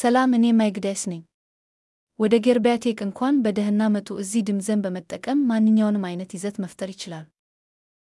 ሰላም እኔ ማይግዳስ ነኝ። ወደ ጌርቢያቴክ እንኳን በደህና መጡ። እዚህ ድምዘን በመጠቀም ማንኛውንም አይነት ይዘት መፍጠር ይችላሉ።